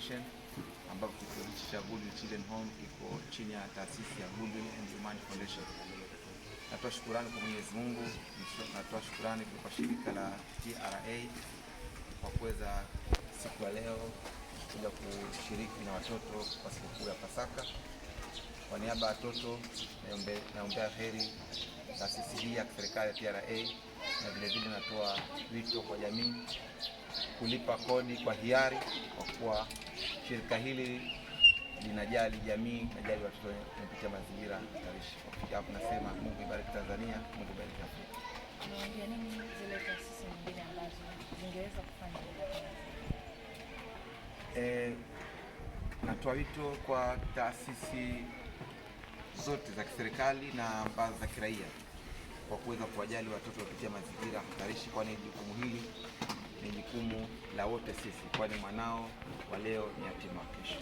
Foundation ambapo kituo hichi cha Goodwill Children Home iko chini ya taasisi ya Goodwill and Humanity Foundation. Natoa shukurani kwa Mwenyezi Mungu, natoa shukurani kwa shirika la TRA kwa kuweza siku ya leo kuja kushiriki na watoto kwa sikukuu ya Pasaka. Kwa niaba ya watoto naombea heri taasisi hii ya serikali ya TRA na vilevile natoa wito kwa jamii kulipa kodi kwa hiari, kwa kuwa shirika hili linajali jamii, najali watoto kupitia mazingira hatarishi. Kufikia hapo nasema Mungu ibariki Tanzania, Mungu ibariki Afrika. Eh, natoa wito kwa taasisi zote za kiserikali na ambazo za kiraia kwa kuweza kuwajali watoto kupitia mazingira hatarishi, kwani jukumu hili ni jukumu la wote sisi, kwani mwanao wa leo ni yatima wa kesho.